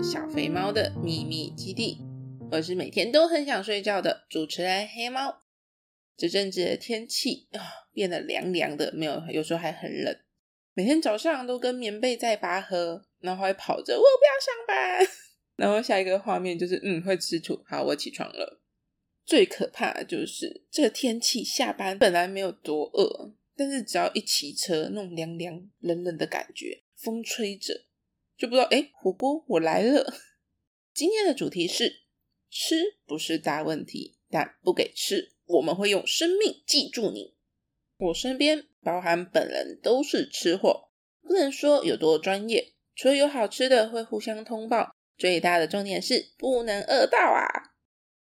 小肥貓的秘密基地，我是每天都很想睡覺的主持人的黑貓。這陣子的天氣，呃，變得涼涼的，沒有，有時候還很冷，每天早上都跟棉被在拔河，然後還跑着我不要上班。 然後下一個畫面就是嗯會吃土。好，我起床了。最可怕的就是這個天氣，下班本來沒有多餓，但是只要一騎車，那種涼涼冷冷的感覺，風吹着。就不知道哎，火鍋我來了。今天的主題是吃不是大問題，但不給吃，我們會用生命記住你。我身邊包含本人都是吃貨，不能說有多專業，除了有好吃的會互相通報。最大的重點是不能餓到啊！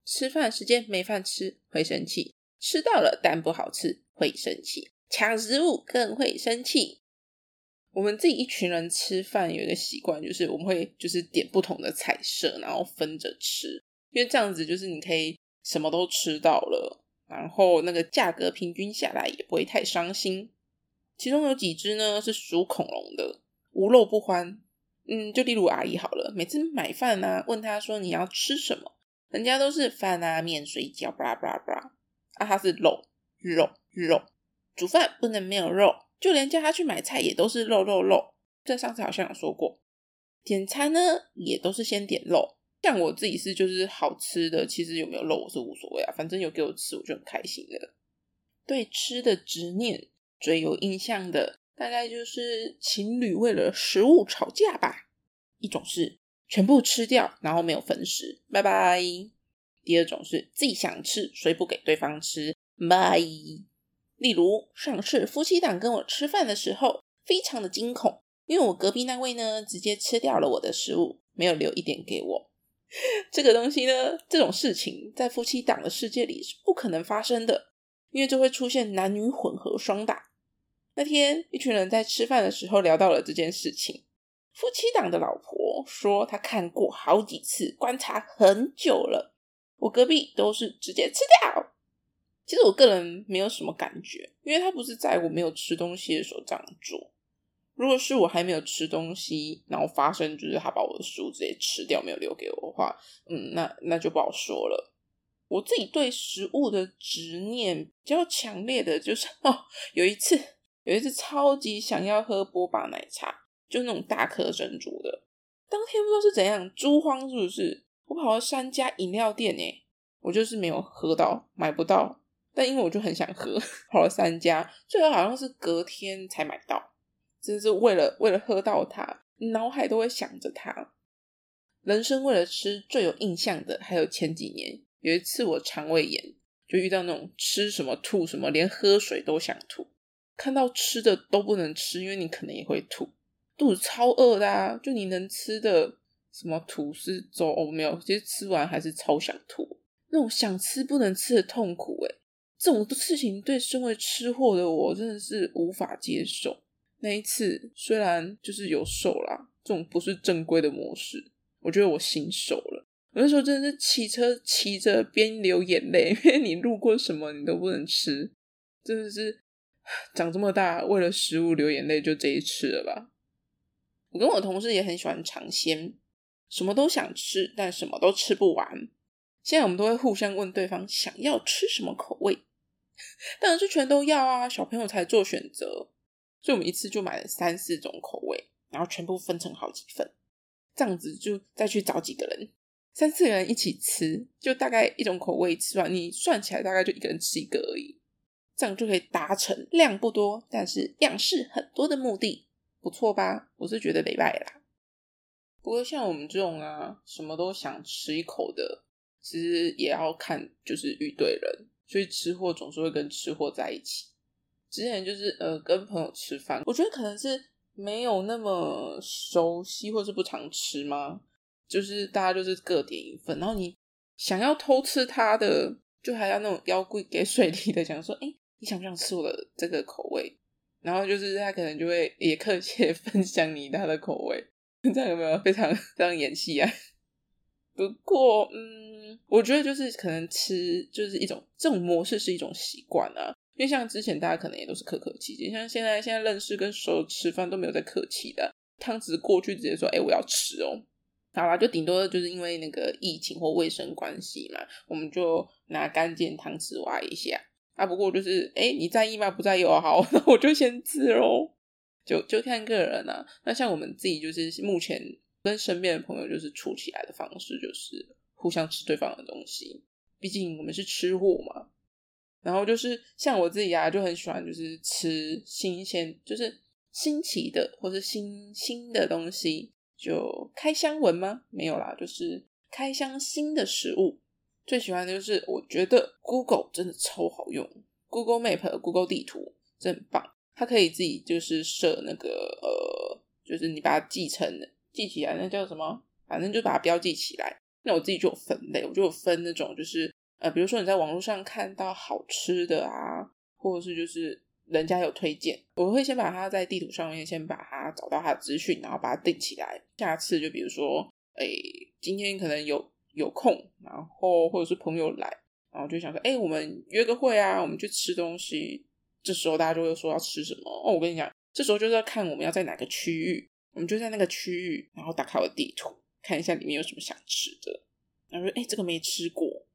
吃飯時間沒飯吃會生氣，吃到了但不好吃會生氣，搶食物更會生氣。我們自己一群人吃飯有一個習慣，就是我們會就是點不同的菜色，然後分着吃，因為這樣子就是你可以什麼都吃到了，然後那個價格平均下來也不會太傷心。其中有幾隻呢是屬恐龍的，無肉不歡。嗯，就例如阿姨好了，每次買飯啊，問她說你要吃什麼，人家都是飯啊、麵、水餃，blah blah blah 啊，她是肉肉肉、肉，煮飯不能沒有肉。就連叫他去買菜也都是肉肉肉、肉。這上次好像有說過，點餐呢也都是先點肉。像我自己是就是好吃的，其實有沒有肉我是無所謂啊，反正有給我吃我就很開心了。對吃的執念最有印象的，大概就是情侶為了食物吵架吧。一種是全部吃掉，然後沒有分食，拜拜。第二種是自己想吃，所以不給對方吃，拜。例如，上次夫妻檔跟我吃飯的時候，非常的驚恐，因為我隔壁那位呢，直接吃掉了我的食物，沒有留一點給我。 這個東西呢，這種事情在夫妻檔的世界裡是不可能發生的，因為就會出現男女混合雙打。那天，一群人在吃飯的時候聊到了這件事情，夫妻檔的老婆說，她看過好幾次，觀察很久了，我隔壁都是直接吃掉。其實我個人沒有什麼感覺，因為他不是在我沒有吃東西的時候這樣做。如果是我還沒有吃東西，然後發生就是他把我的食物直接吃掉，沒有留給我的話，嗯，那那就不好說了。我自己對食物的執念比較強烈的就是，哦，有一次有一次超級想要喝波霸奶茶，就是、那種大顆珍珠的。當天不知道是怎樣，珠荒是不是？我跑了三家飲料店，欸，哎，我就是沒有喝到，買不到。但因為我就很想喝，跑了三家，最後好像是隔天才買到，只是為了為了喝到它，你腦海都會想着它。人生為了吃最有印象的，還有前幾年有一次我腸胃炎，就遇到那種吃什麼吐什麼，連喝水都想吐，看到吃的都不能吃，因為你可能也會吐，肚子超餓的啊，就你能吃的什麼吐司粥，我、哦、沒有，其實吃完還是超想吐，那種想吃不能吃的痛苦、欸，哎。這種事情對身為吃貨的我真的是無法接受。那一次雖然就是有瘦啦，這種不是正規的模式，我覺得我新手了。我那時候真的是騎車騎着邊流眼淚，因為你路過什麼你都不能吃，真的是長這麼大為了食物流眼淚，就這一次了吧。我跟我同事也很喜歡嘗鮮，什麼都想吃，但什麼都吃不完。現在我們都會互相問對方想要吃什麼口味。當然是全都要啊！小朋友才做選擇，所以我們一次就買了三四種口味，然後全部分成好幾份，這樣子就再去找幾個人，三四個人一起吃，就大概一種口味吃完。你算起來大概就一個人吃一個而已，這樣就可以達成量不多但是樣式很多的目的，不錯吧？我是覺得沒拜啦。不過像我們這種啊，什麼都想吃一口的，其實也要看就是遇對人。所以吃貨總是會跟吃貨在一起。之前就是呃跟朋友吃飯，我覺得可能是沒有那麼熟悉，或是不常吃嘛。就是大家就是各點一份，然後你想要偷吃他的，就還要那種夭鬼假細膩的，想說哎、欸，你想不想吃我的這個口味？然後就是他可能就會也客氣分享你他的口味，這樣有沒有非常非常演戲啊？不過，嗯，我覺得就是可能吃就是一種這種模式，是一種習慣啊，因為像之前大家可能也都是客客氣氣，像現在現在認識跟所有吃飯都沒有在客氣的，湯匙過去直接說，哎、欸，我要吃哦，好啦，就頂多就是因為那個疫情或衛生關係嘛，我們就拿乾淨湯匙挖一下啊。不過就是，哎、欸，你在意嗎？不在意哦、啊，好，那我就先吃哦，就就看個人啊。那像我們自己就是目前。跟身邊的朋友就是處起來的方式，就是互相吃對方的東西。畢竟我們是吃貨嘛。然後就是像我自己啊，就很喜歡就是吃新鮮，就是新奇的或是新新的東西。就開箱文嗎？沒有啦，就是開箱新的食物。最喜歡的就是我覺得 Google 真的超好用，Google Map、Google 地圖真棒。它可以自己就是設那個呃，就是你把它繼承了。記起來，那叫什麼？反正就把它標記起來。那我自己就有分類，我就有分那種，就是呃，比如說你在網絡上看到好吃的啊，或者是就是人家有推薦，我會先把它在地圖上面先把它找到它的資訊，然後把它定起來。下次就比如說，欸，今天可能有有空，然後或者是朋友來，然後就想說，欸，我們約個會啊，我們去吃東西。這時候大家就會說要吃什麼哦。我跟你講，這時候就是要看我們要在哪個區域。我們就在那個區域，然後打開我的地圖，看一下裡面有什麼想吃的。然後說：“欸，這個沒吃過，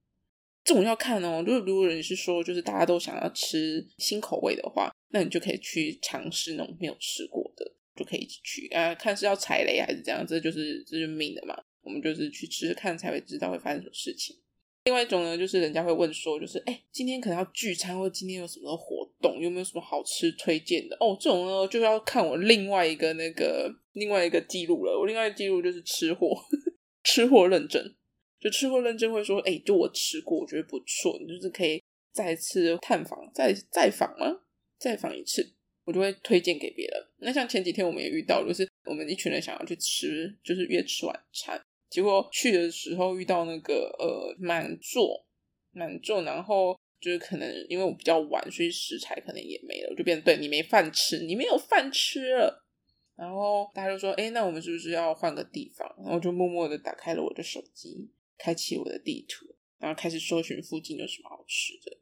這種要看喔。如果如果是說，就是大家都想要吃新口味的話，那你就可以去嘗試那種沒有吃過的，就可以一起去啊，看是要踩雷還是怎樣。這就是這就是命的嘛。我們就是去吃看，才會知道會發生什麼事情。另外一種呢，就是人家會問說，就是欸，今天可能要聚餐，或者今天有什麼活動。”懂，有沒有什麼好吃推薦的哦？這種呢，就是要看我另外一個那個另外一個記錄了。我另外一個記錄就是吃貨，吃貨認證，就吃貨認證會說，哎、欸，就我吃過，我覺得不錯，你就是可以再次探訪，再再訪嗎？再訪一次，我就會推薦給別人。那像前幾天我們也遇到，就是我們一群人想要去吃，就是約吃晚餐，結果去的時候遇到那個呃滿座，滿座，然後。就是可能因為我比較晚，所以食材可能也沒了，我就變得對你沒飯吃，你沒有飯吃了。然後大家就說：“哎、欸，那我們是不是要換個地方？”然後我就默默的打開了我的手機，開啟我的地圖，然後開始搜尋附近有什麼好吃的。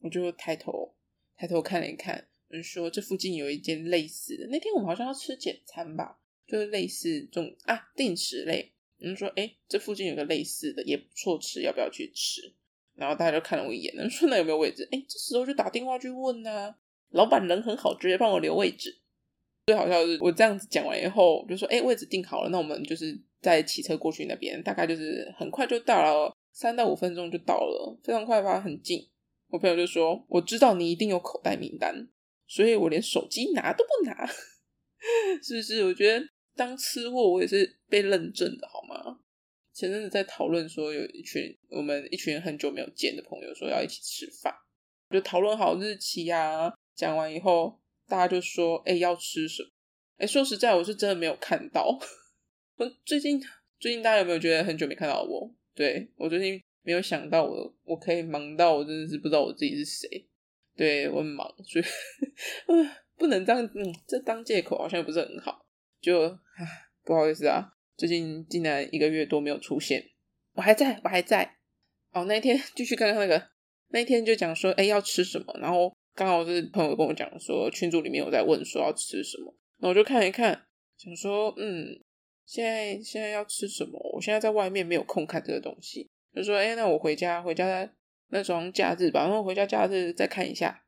我就抬頭抬頭看了一看，說：“這附近有一間類似的。”那天我們好像要吃簡餐吧，就是類似這種啊定食類。嗯，說：“哎、欸，這附近有個類似的，也不錯吃，要不要去吃？”然後大家就看了我一眼，說，那有沒有位置？哎，這時候就打電話去問啊，老闆人很好，直接幫我留位置。最好笑是，我這樣子講完以後，就說哎，位置定好了，那我們就是在騎車過去那邊，大概就是很快就到了，三到五分鐘就到了，非常快吧，很近。我朋友就說，我知道你一定有口袋名單，所以我連手機拿都不拿， 是不是？我覺得當吃貨，我也是被認證的，好嗎？前陣子在討論說有一群我們一群很久沒有見的朋友說要一起吃飯，就討論好日期啊。講完以後，大家就說：“哎、欸，要吃什麼？”哎、欸，說實在，我是真的沒有看到。 最近最近大家有沒有覺得很久沒看到我？對，我最近沒有想到我我可以忙到我真的是不知道我自己是誰。對，我很忙，所以嗯， 不能當嗯，這當借口好像又不是很好，就唉不好意思啊。最近竟然一個月多沒有出現，我還在我還在。哦，那一天繼續剛剛那個，那一天就講說，哎、欸，要吃什麼？然後剛好是朋友跟我講說，群組裡面有在問說要吃什麼，那我就看一看，想說，嗯，現在現在要吃什麼？我現在在外面沒有空看這個東西，就說，哎、欸，那我回家，回家在那雙假日吧，然後我回家假日再看一下。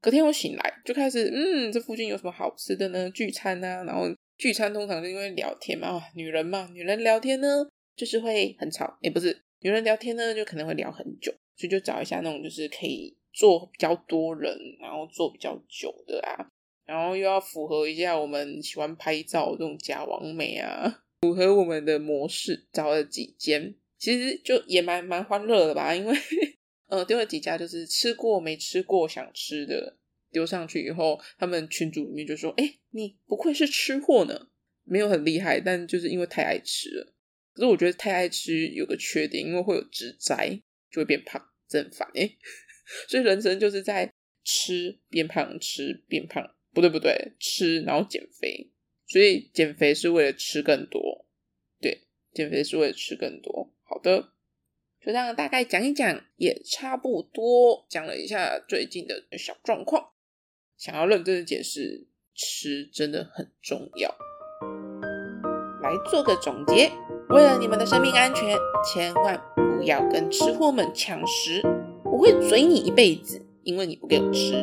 隔天我醒來就開始，嗯，這附近有什麼好吃的呢？聚餐啊，然後。聚餐通常是因為聊天嘛，啊，女人嘛，女人聊天呢就是會很吵，也、欸、不是，女人聊天呢就可能會聊很久，所以就找一下那種就是可以坐比較多人，然後坐比較久的啊，然後又要符合一下我們喜歡拍照這種假網美啊，符合我們的模式，找了幾間，其實就也蠻蠻歡樂的吧，因為，呵呵呃，找了幾家就是吃過沒吃過想吃的。丟上去以後，他們群組裡面就說：“哎，你不愧是吃貨呢，沒有很厲害，但就是因為太愛吃了。可是我覺得太愛吃有個缺點，因為會有脂宅，就會變胖，真煩哎！ 所以人生就是在吃變胖，吃變胖，不對不對，吃然後減肥，所以減肥是為了吃更多，對，減肥是為了吃更多。好的，就這樣大概講一講，也差不多講了一下最近的小狀況。”想要認真的解釋，吃真的很重要。來做個總結，為了你們的生命安全，千萬不要跟吃貨們搶食，我會嘴你一輩子，因為你不給我吃。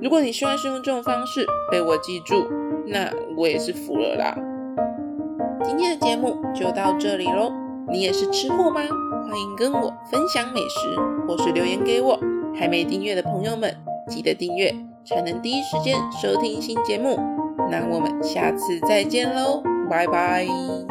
如果你希望是用這種方式被我記住，那我也是服了啦。今天的節目就到這裡嘍。你也是吃貨嗎？歡迎跟我分享美食，或是留言給我。還沒訂閱的朋友們，記得訂閱，才能第一時間收聽新節目。那我們下次再見嘍，拜拜。